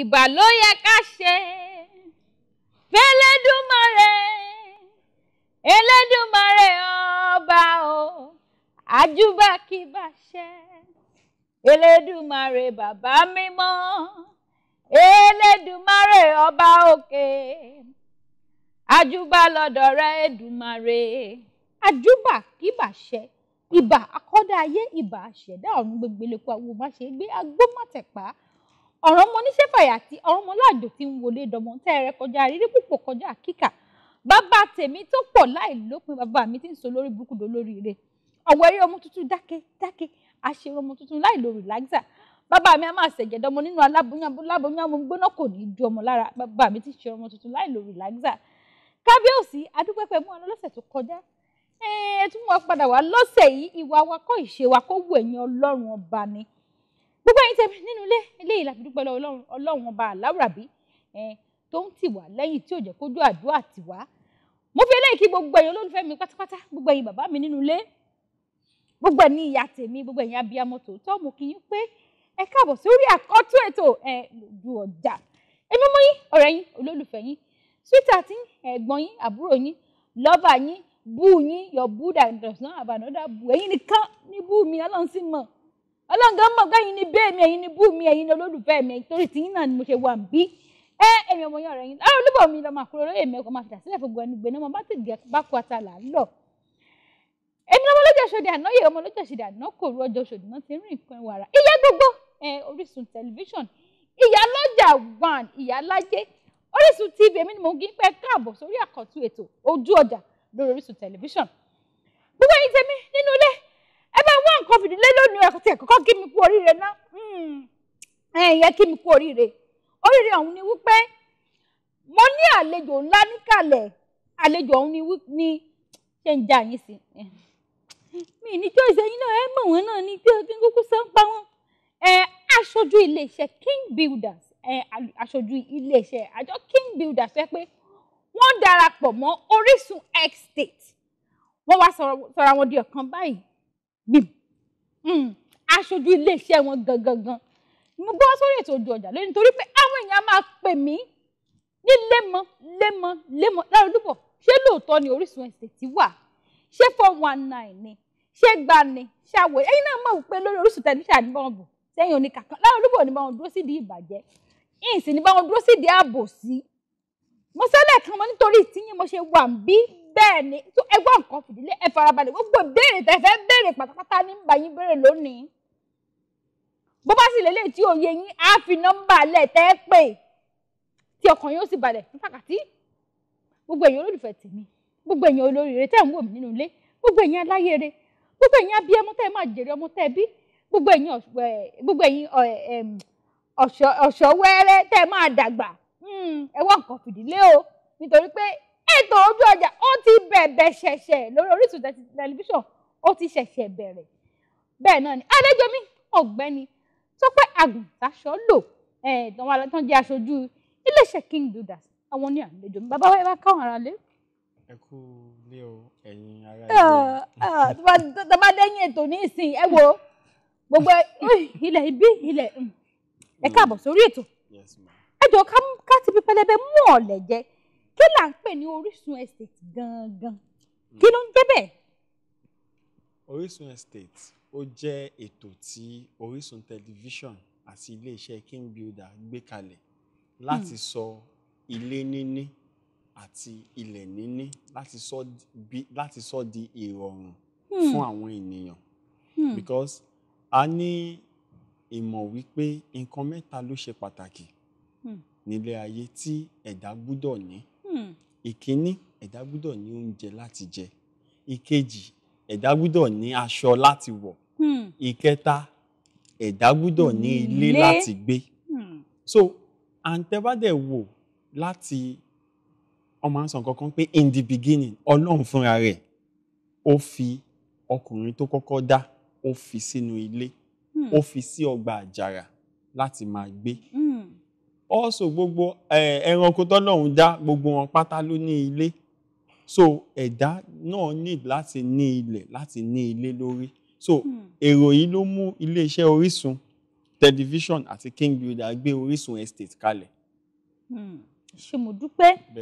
ìbà ló yẹ ká ṣe fẹlẹdùmarè Ẹlẹ́dùmarè ọba o àjùbà kì bá ṣe Ẹlẹ́dùmarè bàbá mímọ́ Ẹlẹ́dùmarè ọba òkè àjùbà lọ́dọ̀ rẹ Èdùmarè àjùbà kì bá ṣe ìbà akọ́dá ayé ìbà àṣẹ̀dá ọ̀run gbogbo ilé pa owó má gbé agbó má ọ̀rọ̀ mọ oníṣẹ́ fàyàtì ọ̀rọ̀ mọ láàjò tí ń wọlé dọmọ tẹ́ ẹ rẹ kọjá rírí púpọ̀ kọjá kíkà bàbá tèmi tó pọ̀ láì lópin bàbá mi ti ń so lórí burúkú dó lórí ire ọ̀wọ́ eré ọmọ tuntun dákẹ́ dákẹ́ àṣeré ọmọ tuntun láì lo relaxer bàbá mi a máa ṣẹ̀jẹ̀ dọmọ nínú aláboyún aláboyún amú gbóná kò ní ju ọmọ lára bàbá mi ti ṣe ọmọ tuntun láì lo relaxer kábíyèsí adúpẹ́pẹ́ mú ọlọ́ lọ́sẹ̀ tó kọjá ẹ padà wá lọ́sẹ̀ yìí ìwà wa kọ́ ìṣe wa kó wù ẹ̀yìn ọlọ́run ọba ni gbogbo ẹ̀yin tẹ̀mí nínú ilé eléyìí la fi dúpẹ́ lọ ọlọ́run ọlọ́run ọba aláwùrábí tó ń tì wá lẹ́yìn tí ò jẹ́ kójú àdúrà tì wá mo fi eléyìí kí gbogbo ẹ̀yin olólùfẹ́ mi pátápátá gbogbo ẹ̀yin bàbá mi nínú ilé gbogbo ẹ̀yin ìyá tèmi gbogbo ẹ̀yin abiyamọ tòótọ́ mo kí yín pé ẹ káàbọ̀ sórí àkọ́tún ètò ẹ lójú ọjà èmi mọ́ yín ọ̀rẹ́ yín olólùfẹ́ yín sweetheart yín ẹ̀gbọ́n yín àbúrò yín lọ́ọ̀bà yín bú yín your bú that does not have another bú ẹ̀yin nìkan ní bú mi ọlọ́run sì mọ̀ ọlọ́run gan mọ̀ pé ẹ̀yin ni bẹ́ẹ̀ mi ẹ̀yin ni bú mi ẹ̀yin ni olólùfẹ́ mi torí tìyín náà ni mo ṣe wà ń bí ẹ ẹ̀mí ọmọ yẹn ọ̀rẹ́ yín lára olúbọ̀ mi lọ́mọ àkúrò lóye mi ọkọ̀ máa fi tàsílẹ̀ fún gbẹ̀nu gbẹ̀nu ọmọ bá ti gẹ̀ bá kú ata là ń lọ. èmi lọ́mọ lọ́jọ́ ṣòdì àná yẹ ọmọ lọ́jọ́ ṣòdì àná kò rú ọjọ́ ṣòdì náà ti rìn nǹkan wàrà ìyá gbogbo Orísun tẹlifíṣàn ìyá lọ́jà one ìyá lájẹ́ Orísun TV èmi ni mo gí pẹ́ káàbọ̀ sórí àkọ́tún ètò ojú ọjà lórí Orísun tẹlifíṣàn gbogbo ẹ̀yin tèmi nínú ilé wá nǹkan fìdílé lónìí ẹ̀kọ́ tí ẹ̀kọ́kọ́ kí mi kú oríire náà hmm. ẹ̀yẹ kí mi kú oríire oríire ọ̀hún ni wípé mo ní àlejò ńlá níkàlẹ̀ àlejò ọ̀hún ni ṣé ń já yín sí mi ní tí òṣìṣẹ́ yín náà ẹ mọ̀ wọ́n náà ní tí o kí n kúkú sọ ń pa wọ́n ẹ aṣojú iléeṣẹ́ King Builders ẹ aṣojú iléeṣẹ́ àjọ King Builders ṣe pé wọ́n darapọ̀ mọ́ Orísun Estate wọ́n wá sọ̀rọ̀ àwọn di ọ̀kan báyìí ní Hmm. aṣojú iléeṣẹ́ wọn gangan gan mo gbọ́ sórí ètò ojú ọjà lónìí nítorí pé àwọn èèyàn máa pè mí ní lémọ lémọ lémọ lára olúbọ ṣé lóòótọ́ ni Orísun ẹsẹ ti wà ṣé four one nine ni ṣé gba ni ṣé àwọ ẹ̀yin náà mọ̀ wípé lórí Orísun tẹlifíṣàn ní bọ́ọ̀bù sẹ́yìn oníkàkan lára olúbọ ni báwọn dúró sídìí ìbàjẹ́ ìsìn ni báwọn dúró sídìí ààbò sí mo sẹ́lẹ̀ kan mo nítorí tíyín mo ṣe wà ń bí bẹ́ẹ̀ ni ẹgbọ́n nǹkan fìdílé ẹ farabalẹ̀ gbogbo ìbéèrè tẹ́ fẹ́ béèrè pátápátá ní bá yín béèrè lónìí bó bá sì lélẹ̀ tí òye yín á fi nọ́mbà lẹ̀ tẹ́ pè tí ọkàn yóò sì balẹ̀ ní pàkàtí gbogbo èèyàn olólùfẹ́ tèmi gbogbo èèyàn olóríire tẹ́ ń wò mí nínú ilé gbogbo èèyàn aláyèrè gbogbo èèyàn abiyamọ tẹ́ máa jèrè ọmọ tẹ́ bí gbogbo èèyàn ọ̀ṣọ́wẹ́rẹ́ tẹ́ máa dàgbà Hmm, ẹ wá nǹkan fìdílé o nítorí pé ètò ojú ọjà ó ti bẹ̀bẹ̀ ṣẹ̀ṣẹ̀ lórí Orísun tẹlifíṣàn ó ti ṣẹ̀ṣẹ̀ bẹ̀rẹ̀ bẹ́ẹ̀ náà ni Adéjọmí ọ̀gbẹ́ni Tópẹ́ Àgùntàṣọ lò àwọn alátán jẹ́ aṣojú iléeṣẹ́ King Builders àwọn ní àlejò mi bàbá wa ẹ bá káwọn ara lé. ẹ kú lé o ẹ̀yin ara ilé. Ah, ah, tó bá dẹ́yìn ètò ní ìsìn ẹ wo gbogbo ilẹ̀ ibí ilẹ̀ hmm. ẹ káàbọ̀ sórí ètò. yes ma ẹjọ ká ká ti fi pẹlẹbẹ mú ọ̀lẹ̀ jẹ kí là ń pè ní Orísun estate gangan hmm. kí ló ń jẹ́ bẹ́ẹ̀. Orísun estate ó jẹ́ ètò tí Orísun tẹlifíṣàn àti iléeṣẹ́ King Builder gbé kalẹ̀ láti hmm. sọ ilé níní àti ilẹ̀ níní láti sọ di ìrọ̀rùn hmm. fún àwọn ènìyàn because a ní ìmọ̀ wípé nǹkan mẹ́ta ló ṣe pàtàkì Hmm. nílé ayé tí ẹ̀dá gbúdọ̀ ní. Hmm. ìkíní ẹ̀dá gbúdọ̀ ní oúnjẹ láti jẹ ìkejì ẹ̀dá gbúdọ̀ ní aṣọ láti wọ̀ hmm. ìkẹta ẹ̀dá gbúdọ̀ ní ilé láti gbé so àǹtẹ̀bádẹ̀ wò láti ọmọ à ń sọ pé in the beginning ọlọ́run fúnra rẹ̀ ó fi ọkùnrin tó kọ́kọ́ dá ó fi sínú ilé ó fi sí ọgbà àjàrà láti máa gbé also gbogbo eh, ẹranko tọ́lọ́run dá gbogbo wọn pátá ló ní ilé so ẹ̀dá náà need láti ní ilẹ̀ láti ní ilé lórí so hmm. èrò yìí ló mú iléeṣẹ́ Orísun tẹlifíṣọ̀n àti King Builder gbé Orísun estate kalẹ̀. Hmm. ṣé mo dúpẹ́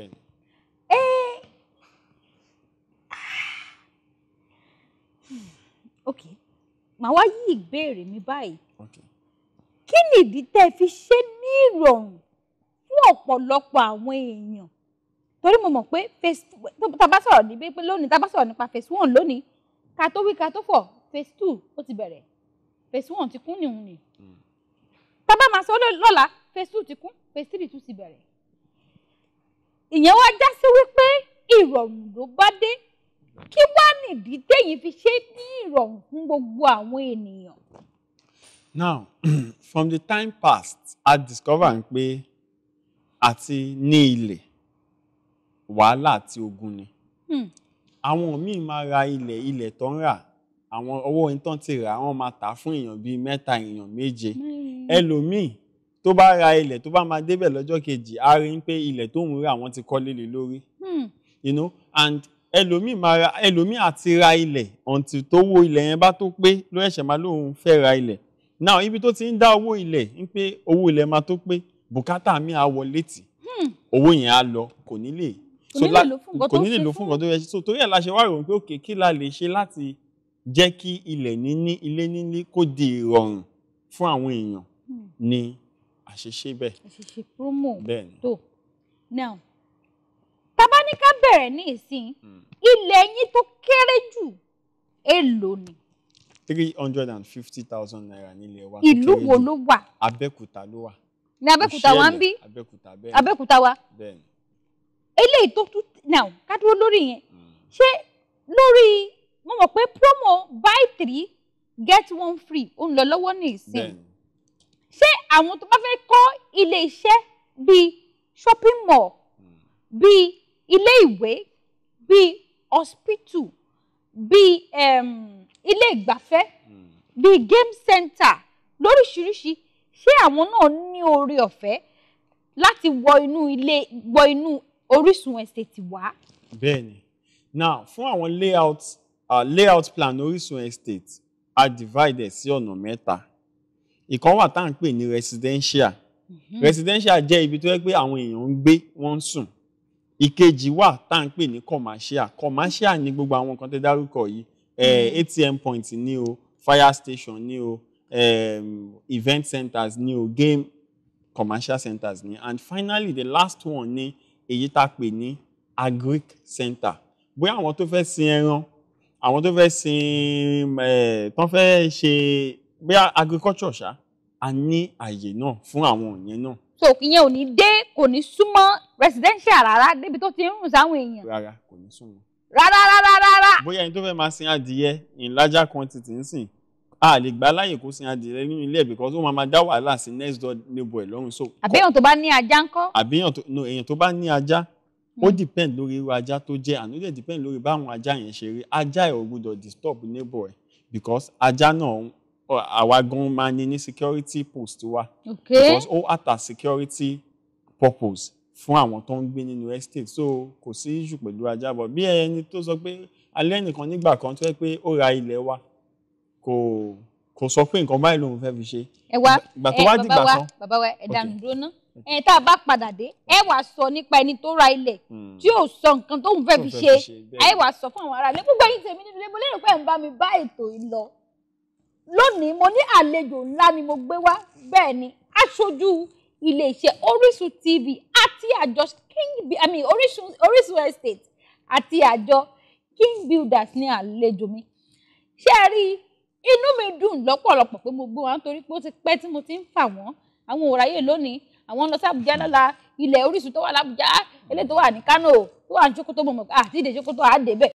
hmm. ok màá wá yí ìbéèrè mi báyìí. Okay kí nìdí tẹ́ ẹ fi ṣe ní ìrọ̀rùn fún ọ̀pọ̀lọpọ̀ àwọn èèyàn torí mo mọ̀ pé phase tá a bá sọ̀rọ̀ níbi pé lónìí tá a bá sọ̀rọ̀ nípa phase one lónìí ká tó wí ká tó fọ̀ phase two ó ti bẹ̀rẹ̀ phase one ti kún nìhun ni hmm. tá a bá máa sọ lọ́la phase two ti kún phase three tún ti bẹ̀rẹ̀ ìyẹn wá já sí wípé ìrọ̀rùn ló bá dé kí wá nìdí téyìn fi ṣe ní ìrọ̀rùn fún gbogbo àwọn ènìyàn now from the time past I discover pé ati ní ilẹ̀ wàhálà àti ogun ni hmm. àwọn míì máa ra ilẹ̀ ilẹ̀ tó ń rà àwọn owó ìtàn ti rà wọ́n máa tà fún èèyàn bíi mẹ́ta èèyàn méje ẹlòmíì tó bá ra ilẹ̀ tó bá máa débẹ̀ lọ́jọ́ kejì á rí pé ilẹ̀ tó ń rà wọ́n ti kọ́ lélẹ̀ lórí hmm. you know and ẹlòmíì máa ra ẹlòmíì àti ra ilẹ̀ until tó wó ilẹ̀ yẹn bá tó pé ló ẹ̀ṣẹ̀ máa lóun fẹ́ ra ilẹ̀ now ibi tó ti ń dá owó ilẹ̀ ń pé owó ilẹ̀ máa tó pé bùkátà mi á wọlé tì hmm. owó yẹn á lọ kò ní lè kò ní lè lò fún nǹkan tó yẹ so torí ẹ̀ la ṣe wá rò pé òkè kí la lè ṣe láti jẹ́ kí ilẹ̀ níní ilé níní kó di ìrọ̀rùn fún àwọn èèyàn hmm. ni àṣeṣe bẹ́ẹ̀. àṣeṣe promo tó now tábánikà bẹ̀rẹ̀ ní ìsìn hmm. ilẹ̀ yín tó kéré jù èèlò ni three hundred and fifty thousand naira nílẹ̀ wa. ìlú wo ló wà. abẹ́kúta ló wà. ní abẹ́kúta wa ń bí. abẹ́kúta bẹ́ẹ̀ abẹ́kúta wa. bẹ́ẹ̀ eléyìí tó tún now ká dúró lórí yẹn hmm. ṣé lórí mo mọ̀ pé promo buy three get one free ó ń lọ lọ́wọ́ ní ìsìn. ṣé àwọn tó bá fẹ́ kọ́ ilé iṣẹ́ bíi shopping mall mm. bíi ilé ìwé bíi hospital bíi um, ilé ìgbafẹ́ hmm. bíi game center lóríṣiríṣi ṣé àwọn náà ní oore ọ̀fẹ́ láti wọ inú ilé wọ inú Orísun estate wá. bẹ́ẹ̀ni now fún àwọn layout uh, layout plan Orísun estate a divide sí ọ̀nà mẹ́ta ìkan wà tá à ń pè ní residential mm -hmm. residential jẹ́ ibi tó yẹ pé àwọn èèyàn ń gbé wọ́n ń sùn ìkejì wà tá à ń pè ní commercial commercial ni gbogbo àwọn nǹkan tẹ́ dárúkọ yìí atm eh, mm. point ní o fire station ní o um, event centers ní o game commercial centers ní and finally the last one ní èyí tá a pè ní agric center bóyá àwọn tó fẹ́ sin ẹran àwọn tó fẹ́ sin eh, tán fẹ́ ṣe bóyá agriculture ṣá a ní àyè náà fún àwọn ìyẹn náà. so ìyẹn ò ní dé kò ní súnmọ́ residential rárá débi tó ti ń rùn sáwọn èèyàn. rárá kò ní súnmọ́ rárá rárá rárá. bóyá ẹni tó fẹ́ máa sin adìyẹ in larger quantity ń sìn a lè gbà láyè kó sin adìyẹ nínú ilé ẹ̀ because ó máa máa dá wàhálà sí next door neighbor ẹ̀ lọ́rùn so. àbíyàn tó bá ní ajá ńkọ́. àbíyàn tó no èèyàn tó bá ní ajá ó hmm. depend lórí irú ajá tó jẹ́ àná ó dẹ̀ depend lórí báwọn ajá yẹn ṣe rí ajá ẹ̀ ò gbọdọ̀ disturb neighbor ẹ̀ because ajá náà àwa gan máa ní ní security post wa. okay because ó àtà security purpose fún àwọn tó ń gbé nínú estate so kò sí issue pẹ̀lú ajábọ̀ bí ẹni tó sọ pé alẹ́ nìkan nígbà kan tó yẹ pé ó ra ilẹ̀ wa kò kò sọ pé nǹkan báyìí lòun fẹ́ fi ṣe. ẹ wá ìgbà tó wá dìgbà bàbá wa ẹ dànù dúró ná ẹ tá a bá padà dé ẹ wàá sọ nípa ẹni tó ra ilẹ̀ hmm. tí yóò sọ nǹkan tóun fẹ́ fi ṣe ẹ wàá sọ fún àwọn aráàlú gbogbo ẹ̀yin tèmi nínú ilé mo lérò pé ẹ ń bá mi bá ètò yìí lọ lónìí mo ní àlejò ńlá ni mo gbé wá bẹ́ẹ̀ ni aṣojú iléeṣẹ́ Orísun TV àti àjọ king i mean orísun orísun estate àti àjọ king builders ní àlejò mi ṣé ẹ rí inú mi dùn lọ́pọ̀lọpọ̀ pé mo gbọ́ wọn torí pé ó ti pẹ́ tí mo ti ń fà wọ́n àwọn òráyè lónìí àwọn lọ sí àbújá lọ́la ilẹ̀ orísun tó wà lábújá eléyìí tó wà ní kánò tó wà ní sokoto mọ̀mọ́ àti ah, ìdè sokoto àdébẹ̀